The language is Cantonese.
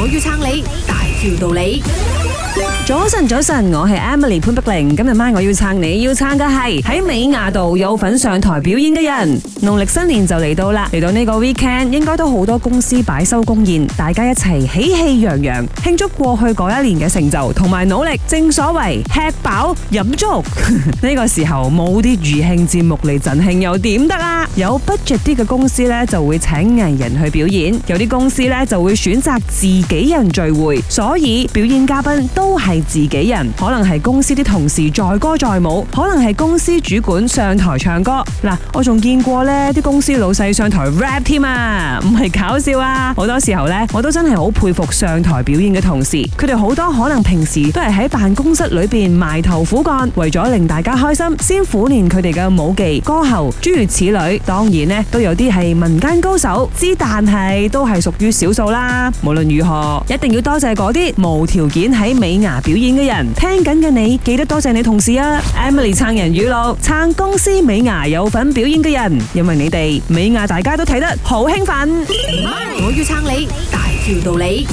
我要撐你。條道理，早晨早晨，我係 Emily 潘碧玲。今日晚我要撐你，要撐嘅係喺美亞度有份上台表演嘅人。農曆新年就嚟到啦，嚟到呢個 weekend 應該都好多公司擺收公宴，大家一齊喜氣洋洋慶祝過去嗰一年嘅成就同埋努力。正所謂吃飽飲足呢 個時候，冇啲餘慶節目嚟振興又點得啊？有 budget 啲嘅公司呢，就會請藝人去表演；有啲公司呢，就會選擇自己人聚會。所所以表演嘉賓都係自己人，可能係公司啲同事載歌載舞，可能係公司主管上台唱歌嗱，我仲見過咧啲公司老細上台 rap 添啊，唔係搞笑啊！好多時候咧，我都真係好佩服上台表演嘅同事，佢哋好多可能平時都係喺辦公室裏邊埋頭苦幹，為咗令大家開心，先苦練佢哋嘅舞技、歌喉，諸如此類。當然咧，都有啲係民間高手，之但係都係屬於少數啦。無論如何，一定要多謝嗰啲。無條件喺尾牙表演嘅人，聽緊嘅你記得多謝你同事啊！Emily 撐人語錄，撐公司尾牙有份表演嘅人，因為你哋尾牙大家都睇得好興奮，我要撐你，大條道理。